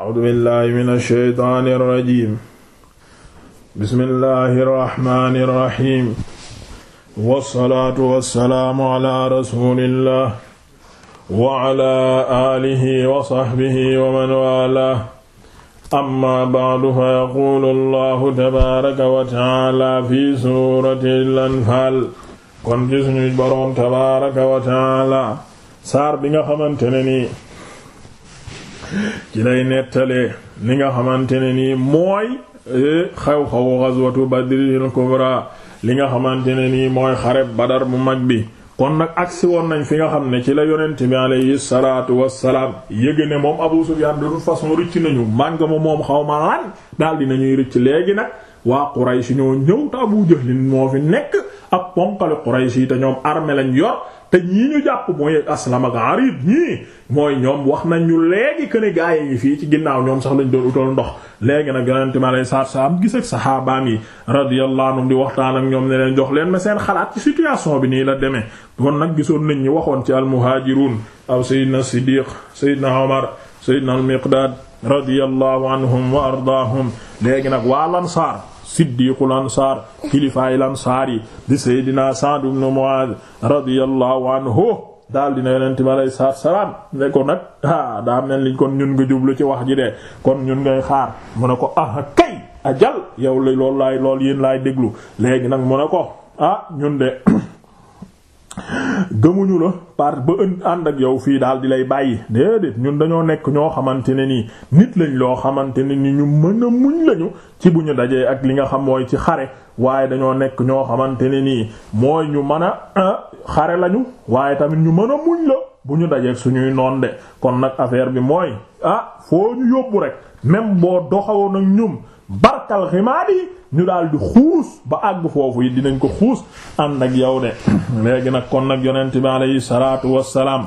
a'uudu billaahi mina shaytaani rajiim bismillaahi rahmaani rahiim wassalaatu wassalaamu alaa rasuulillaah wa alaa aalihi wa sahbihi wa man waalaah amma ba'du fa yaquulu allaahu tabaaraka wa ta'aalaa fi suuratil anfaal kon gis ñu boroom tabaaraka wa ta'aalaa saar bi nga xamante ne nii ci lay nettalee ni nga xamante ne nii mooy xew-xewu ghazwatu badril kubra li nga xamante ne nii eh, mooy xareb badar bu mag bi kon nag agsi woon nañ fi nga xam ne ci la yonent mi alayhi salaatu wassalaam yëg ne moom Abu Sufyaan de toute façon rëcc nañu mànga ma moom xaw ma lan daal dinañuy rëcc léegi nag waa Quraysh ñoo ñëw te Abu Jahl moo fi nekk ab ponkali Quraysh yi te ñoom armée lañ yor te ñii ñu jàpp mooy Aslam ak Arib ñii mooy ñoom wax nañ ñu léegi que ne gaa yi fii ci ginnaaw ñoom sax lañ doon utal ndox léegi nag yonente mi alayhi salaatu salaam gis ak saxaabaam yi radiyallahu anhum di waxtaan ak ñoom ne jox leen ma seen xalaat ci situation bi nii la demee kon nag gisoon nañ ñi waxoon ci almuhaajiruun aw Seydina Siddiq Seydina Omar Seydina al-Miqdaad radiyallahu anhum wa ardaahum léegi nag waa Ansaar siddiqul ansaar kilifaayil ansaar yi di seydina Sa'd ibn Mu'adh radiyallahu anhu daal dina yonent bi alayhi salaatu ne ko nag ah daa mel ni kon ñun nga jublu ci wax ji de kon ñun ngay xaar mu ne ko ah kay ajal yow la loolu laay lool yéen laay déglu léegi nag mu ne ko ah ñun de gëmuñu la par ba ën ànd ak yow fii daal di lay bàyyi déedéet ñun dañoo nekk ñoo xamante ne nii nit lañ loo xamante ne ni ñu mën a muñ lañu ci bu ñu dajee ak li nga xam mooy ci xare waaye dañoo nekk ñoo xamante ne nii mooy ñu mën a ah, xare lañu waaye tamit ñu mën a muñ la bu ñu dajee suñuy noon de kon nag affaire bi mooy ah foo ñu yóbbu rek même boo doxawoon ak ñum kal ximaadi ñu daal di xuus ba àgg foofu yi dinañ ko xuus ànd ak yow de léegi nag kon nag yonent bi alayhi salaatu wassalaam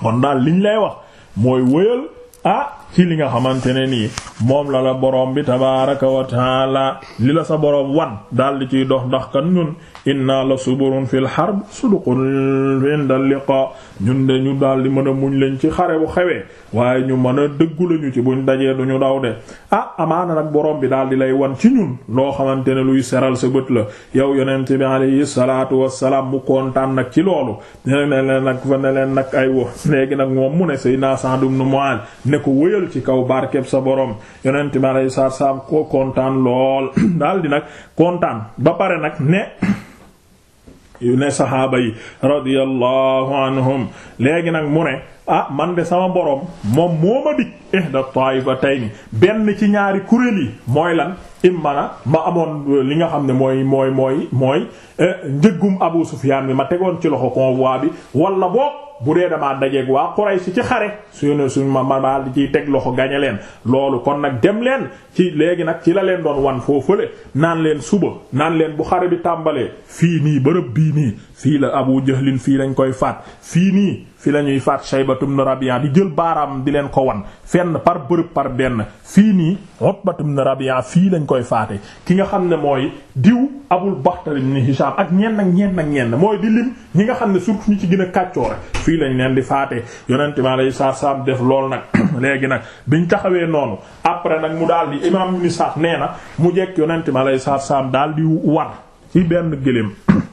kon daal liñ lay wax mooy wëyal ah ci li nga xamante ne nii moom la la boroom bi tabaaraka wa taala li la sa boroom wan daal di ciy dox ndax kan ñun inna la suburun fil harb suduqun inda liqa ñun de ñu daal di mën a muñ leen ci xare bu xewee waaye ñu mën a dëggu lañu ci buñ dajee duñu daw de ah amaana nag borom bi daal di lay wan ci ñun loo xamante ne luy seral sa bët la yow yonent bi alayhi salaatu wassalaam bu kontaan nag ci loolu ne leen nag fa ne leen nag ay wax léegi nag moom mu ne Seydina Sa'd ibn wéeral ci kaw barkeb sa borom yonent ma alayhi salaatu salaam ko kontaan lool daldi nag kontaan ba pare nag ne ne saxaaba yi radiyallahu anhum léegi nag mu ne ah man de sama borom moom moo ma dig ihda ta'ifatayni benn ci ñaari kuréel yi mooy lan immana ma amoon euh, li nga xam ne mooy mooy mooy mooy euh, njëggum Abu Sufyaan bi ma tegoon ci loxo convoi bi walla boog bu dee damaa dajeeg waa Quraysh ci xare suñu suñu ma ma ma ciy teg loxo gañe leen loolu kon nag dem leen ci léegi nag ci la leen doon wan foofule naan leen suba naan leen bu xare bi tàmbalee fii nii bërëb bii nii fii la Abu Jahlin fii lañ koy faat fii nii. fi la ñuy faat Shaybatu na Rabi'a di jël baaraam di leen ko wan fenn par bërëb par benn fii nii Utbatu na Rabi'a fii lañ koy faate ki nga xam ne mooy diw Abul Baxtari ibn Hisham ak ñenn ak ñenn ak ñenn mooy di lim ñi nga xam ne surtout ñu ci gën a kàccoore fii lañ leen di faate ma mi alayhi salaam def lool nag léegi nag biñ taxawee noonu après nag mu daal di imaam ibn Sa'd nee na mu jekk yonent lay alayhi salaam daal di war ci benn gëléem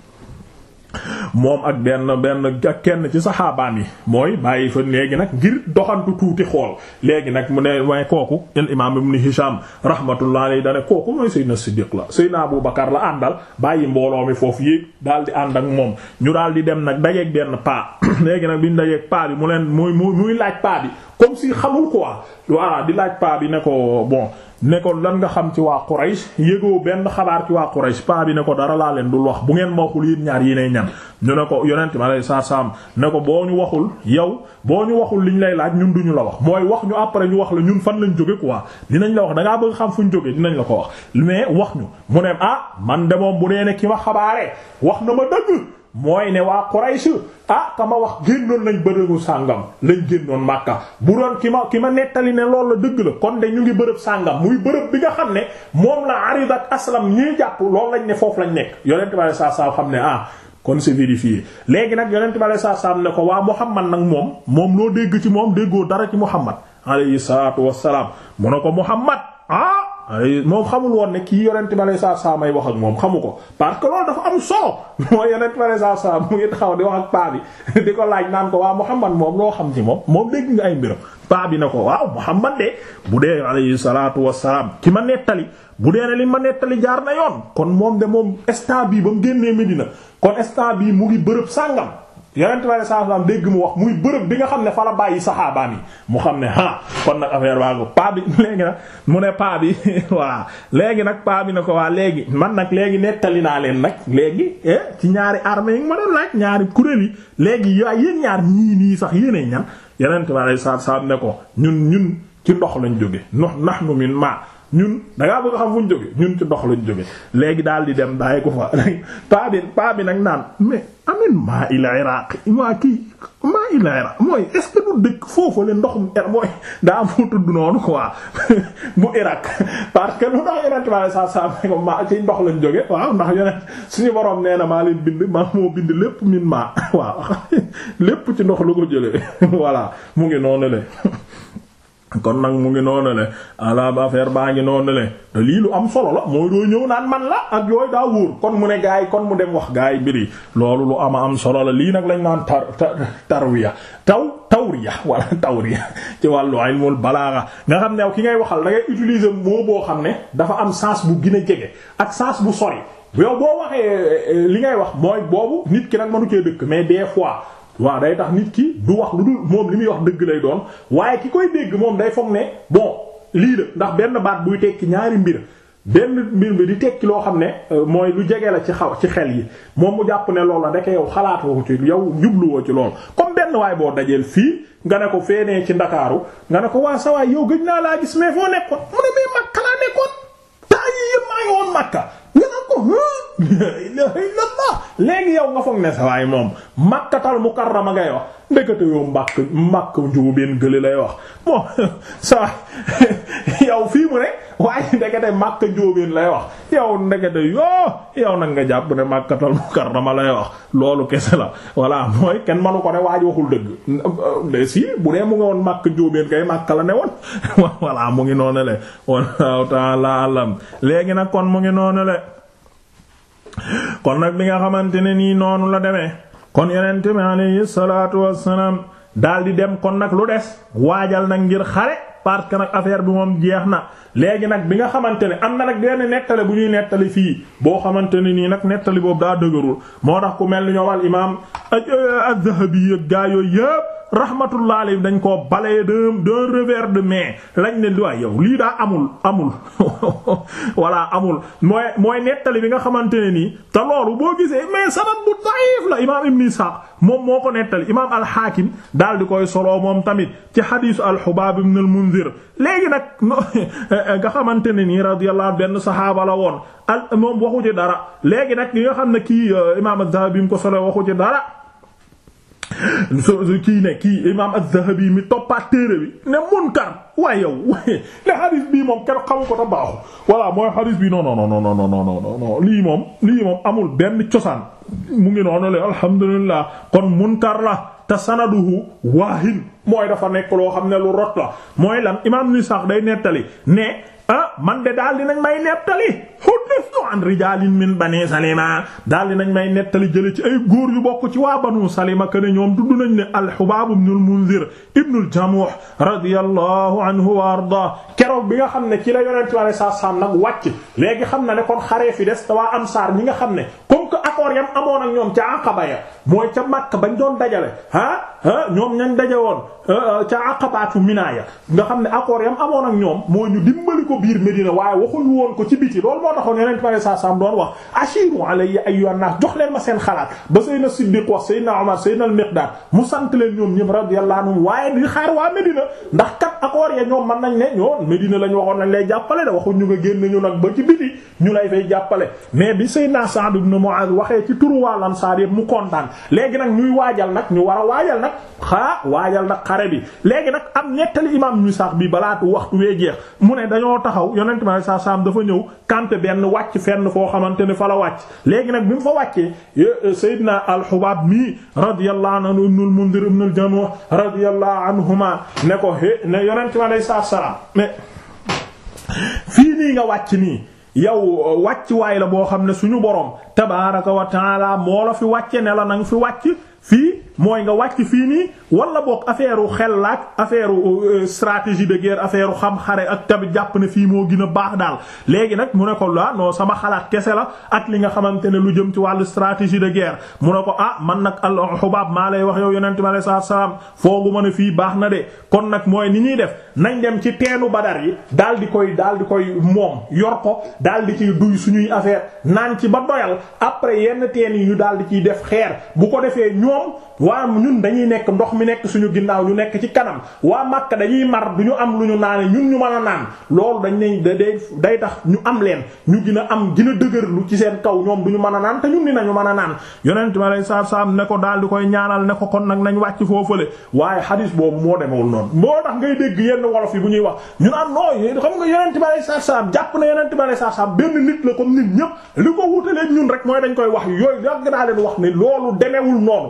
moom ak benn benn ak kenn ci saxaabaan yi mooy bàyyi fa léegi nag ngir doxantu tuuti xool léegi nag mu ne waaye kooku al imaam ibn Hisham rahmatullahi alayhi dana kooku mooy Seydina Siddiq la Seydina Abu Bakar la àndal bàyyi mbooloo mi foofu yéeg daal di ànd ak moom ñu daal di dem nag dajeeg benn paa léegi nag bi ñu dajeeg paa bi mu leen muy muy muy laaj paa bi comme si xamul quoi voilà di laaj paa bi ne ko bon ne ko lan nga xam ci waa Quraysh yëgoo benn xabaar ci waa Quraysh paa bi ne ko dara laa leen dul wax bu ngeen ma waxul yéen ñaar yi nay ñan ñu ne ko yonent ma lay saa saam ne ko boo ñu waxul yow boo ñu waxul ñu lay laaj ñun du ñu la wax mooy wax ñu après ñu wax la ñun fan lañ jóge quoi dinañ la wax da ngaa bëgg xam fu ñu jóge dinañ la ko wax mais wax ñu mu ne ah man de moom bu nee ne ki ma xabaare wax na ma dëgg mooy ne waa Quraysh ah kama wax génnoon nañ bërëbu sàngam lañ génnoon Makka bu doon ki ma ki ma nettali ne loolu la dëgg la kon de ñu ngi bërëb sàngam muy bërëb bi nga xam ne moom la Arid ak Aslam ñuy jàpp loolu lañ ne foofu lañ nekk yonent bi saa saa xam ne ah kon c'est vérifié léegi nag yonent bi saa saa ne ko waa Muhammad nag moom moom loo dégg ci moom déggoo dara ci Muhammad alayhi salaatu wassalaam mu ne ko Muhammad ah. ay moom xamul woon ne kii yonent ba lay saa saa may wax ak moom xamu ko parce que loolu dafa am solo mooy yonent ba lay saa saa mu ngi xaw di wax ak paa di ko laaj naan ko waa Muhammad moom loo xam ci moom moom dégg nga ay mbiram paa bi na ko waaw Muhammad de bu dee alayhi salaatu wassalaam ki ma nettali bu dee ne li ma nettali jaar na yoon kon moom de moom instant bii ba mu génnee Medina kon instant bii mu ngi bërëb sàngam. yonent bi saa am dégg mu wax muy bërëb bi nga xam ne fa la bàyyi saxaabaan yi mu xam ne ah kon nag affaire baa ko paa bi léegi nag mu ne paa bi voilà léegi nag paa bi ne ko waa léegi man nag léegi nettali naa leen nag léegi eh, ci ñaari armée yi ma doon laaj ñaari kuréel yi léegi yaay yéen ñaar ñii nii sax yéenay ñan yonent bi saa saa ne ko ñun ñun ci ndox lañ jóge ndox ndax nu min maa. ñun da ngaa bëgg xam fu ñu jóge ñun ci ndox lañ jóge léegi daal di dem bàyyi ko fa paa bi paa naan mais amin maa ila iraq maa kii maa ila iraq mooy est ce dëkk foofu le ndoxum er mooy bu iraq parce que lu ndax yonent ma sa sa ko maa ci ndox lañ jóge waaw ndax yonent suñu borom nee na maa leen bind maa moo bind lépp min maa waaw lépp ci ndox lu ko jële voilà mu ngi noonu le kon nag mu ngi noonu le ala affaire baa ngi noonu le te lii lu am solo la mooy doo ñëw naan man la ak yooyu daa wóor kon mu ne gaa yi kon mu dem wax gaa yi mbiri loolu lu ama am solo la lii nag lañ naan tar ya taw ya tawriya wala ya ci wàllu ilmul balaaxa nga xam ne ki ngay waxal da ngay utiliser moo boo xam ne dafa am sance bu gën a jege ak sance bu sori yow boo waxee eh, li ngay wax mooy boobu nit ki nag mënu cee dëkk mais des fois waaw day tax nit ki du wax lu dul moom li muy wax dëgg lay doon waaye ki koy dégg moom day fom ne bon lii la ndax benn baat buy tekki ñaari mbir benn mbir bi di tekki loo xam ne euh, mooy lu jege la ci xaw ci xel yi moom mu jàpp ne loolu la ndeke yow xalaatu ko ci yow jubluwoo ci loolu comme benn waay boo dajeel fii nga ne ko feenee ci ndakaaru nga ne ko waa sa waay yow gëj naa laa gis mais foo nekkoon mu ne mais Makka laa nekkoon temps yii yëpp maa ngi léegi yow nga foog ne sa waay moom makkatal mukarrama ngay wax ndekete yoo mbàkk mbàkk njuubeen gële lay wax moom sa yow fii mu ne waaye ndekete màkk njuubeen lay wax yow ndekete yoo yow nag nga jàpp ne makkatal mukarrama lay wax loolu kese la voilà mooy kenn manu ko ne waaj waxul dëgg si bu dee mu ngi woon màkk njuubeen kay màkk la ne woon voilà mu ngi noonu le wallahu ta'ala alam léegi nag kon mu ngi noonu le kon nag bi nga xamante ne nii noonu la demee kon yeneen bi alayhi salaatu wassalaam daal di dem kon nag lu des waajal nag ngir xare parce nag affaire bi moom jeex na léegi nag bi nga xamante ne am na nag benn nettali bu ñuy nettali fii boo xamante ne nii nag nettali boobu daa dëgërul moo tax ku mel ni ñoom al imaam euh, az-Zahabi yëpp gaa yooyu yëpp rahmatullah alayhi dañ koo balee d'un d'un revers de main lañ ne waay yow lii daa amul amul voilà amul mooy mooy nettali bi nga xamante ne nii te loolu boo gisee mais sanad bu da'if la imaam ibn Ishaq moom moo ko nettali imaam al-Hakim daal di koy solo moom tamit ci xadiisu al-Hubaab ibn al-Mundhir léegi nag nga xamante ne nii radiyallahu benn saxaaba la woon al moom waxu ci dara léegi nag li nga xam ne kii euh, imaam az-Zahabi mu ko solo waxu ci dara so kii ne kii imaam az-Zahabi mi toppaat téere bi ne munkar waaye yow le hadith bii moom kenn xamu ko ta baaxu voilà mooy hadith bi non non non non non non non lii moom lii moom amul benn cosaan mu ngi noonu la alhamdulillah kon munkar la te sanaduhu waahin mooy dafa nekk loo xam ne lu rot la mooy lan imaam ni sax day nettali ne a ah, man de daal di nañ may nettali huddithu an rijalin min bani salima daal nañ may nettali jële ci ay góor yu bokk ci waa banu salima que ne ñoom dudd nañ ne al-Hubaab ibn al-Munzir ibn al-Jamuh radiyallahu anhu wa arda keroog bi nga xam ne ci la yonent bi sallallahu alayhi wasallam nag wàcc léegi xam na ne kon xaree fi des te waa ñi nga xam ne accord yam amoon ak ñoom ca Aqaba ya mooy ca Makka bañ doon dajale ah ah ñoom ñañ daje woon ca Aqabaatu Mina ya nga xam ne accord yam amoon ak ñoom mooy ñu dimbali ko biir Medina waaye waxuñu woon ko ci biti loolu moo taxoon yeneen pare sa sam doon wax ashiru alayya ayyuhan nas jox leen ma seen xalaat ba Seydina Siddiq wax Seydina Umar Seydina al-Miqdad mu sant leen ñoom ñëpp radiyallahu anhum waaye di xaar waa Medina ndax kat accord ya nga génn ñu mais bi Seydina Sa'd ibn Mu'adh waxe ci turu waa lansaar yëpp mu kontaan léegi nag ñuy waajal nag ñu war a waajal nag xaa waajal nag xare bi léegi nag am ñettali imaam ñu sax bi balaatu waxtu wee jeex mu ne dañoo taxaw yonent ma sa saam dafa ñëw kante benn wàcc fenn foo xamante ne fa wàcc léegi nag bi mu fa wàccee euh, Seydina al-Hubaab mi radiyallahu anhu ibnul Mundir ibnul Jamuh radiyallahu anhuma ne ko ma sa salaam mais fii nii nga wàcc nii yow uh, wàcc waay la boo xam ne suñu borom tabaaraka wa taala moo la fi wàcce ne la nang fi wàcc fii mooy nga wàcc fii nii wala book affaire u xel laak affaire u euh, stratégie de guerre affaire u xam-xare ak tamit jàpp ne fii moo gën a baax daal léegi nag mu ne ko laa ah, non sama xalaat kese la ak li nga xamante ne lu jëm ci wàllu stratégie de guerre mu ne ko ah man nag al xubaab maa lay wax yow yonente mi alei salaatu salaam foogu ma ne fii baax na de kon nag mooy ni ñuy def nañ dem ci teenu badar yi daal di koy daal di koy moom yor ko daal di ci duy suñuy affaire naan ci ba doyal après yenn teen yi ñu daal di ciy def xeer bu ko defee ñoom waa ñun dañuy nekk ndox mi nekk suñu ginnaaw ñu nekk ci kanam waa Makka dañuy mar du ñu am lu ñu naane ñun ñu man a naan loolu dañ ne day day tax ñu am leen ñu gën am gën a dëgër ci seen kaw ñoom du ñu mën a naan te ñun dinañu mën a naan yonent ma lay saab saab ne ko daal di koy ñaanal ne ko kon nag nañ wàcc foofale waaye xadiis boobu moo demewul noonu moo tax ngay dégg yenn wolof yi bu ñuy wax ñun am xam nga yonent ma lay saab saab jàpp na yonent ma lay saab saab benn nit la li ko wutalee ñun rek mooy dañ koy wax yooyu yàgg naa leen wax ne loolu demewul noonu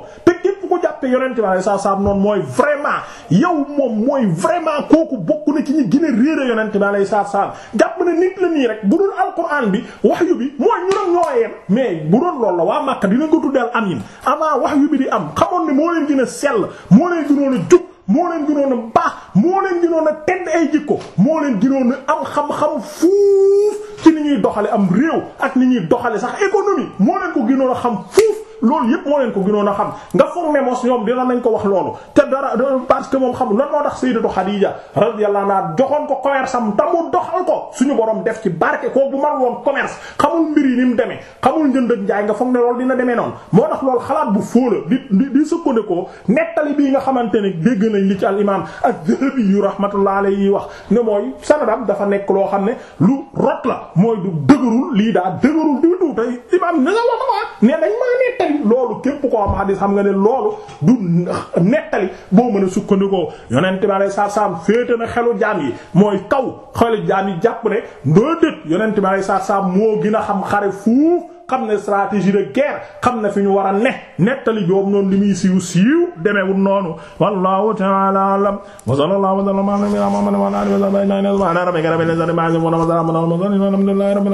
képp ku jàppee yonent bi saa saam noonu mooy vraiment yow moom mooy vraiment kooku bokk na ci ñi gën a réere yonent bi saa saam jàpp na nit la nii rek bu dul alquran bi wahyu bi mooy ñu doon ñoo yem mais bu doon lool la waa Makka dina ko tuddeel amin avant wahyu bi di am xamoon moo leen gën a moo leen gënoon a jub moo leen gënoon baax moo leen gënoon a tedd ay jikko moo leen gënoon am xam-xam fuuf ci ni ñuy doxale am réew ak ni ñuy doxale sax économie moo leen ko gënoon xam fuuf loolu yëpp moo leen ko gënoon a xam nga formé mos ñoom dina nañ wax loolu te dara parce moom xamul lan moo tax sayyidatu Xadiija radiyallahu anha joxoon ko commerce am tamu doxal ko suñu borom def ci barke ko bu woon commerce xamul mbir yi ni mu demee xamul njënd ak njaay nga foog ne loolu dina demee noonu moo tax loolu xalaat bu fóola di di di sukkandikoo nettali bii nga xamante ne dégg nañ li ci al imam az-Zahabi yu rahmatullah alayhi wax ne mooy sanadam dafa nekk loo xam ne lu rot la mooy du dëgërul lii daa dëgërul du du tey la wax tey loolu képp koo am xadis xam nga ne loolu du nettali boo mën a sukkandikoo yonent bi alayhi salaatu salaam féete na xelu jaan yi mooy kaw xelu jaan yi jàpp ne ndoo dët yonent bi alayhi salaatu salaam moo gën a xam xare fuuf xam ne stratégie de guerre xam na fi ñu war a ne nettali joobu noonu li muy siiw siiw demeewul noonu wallahu ta'ala a'lam wa sallallahu wa sallama ala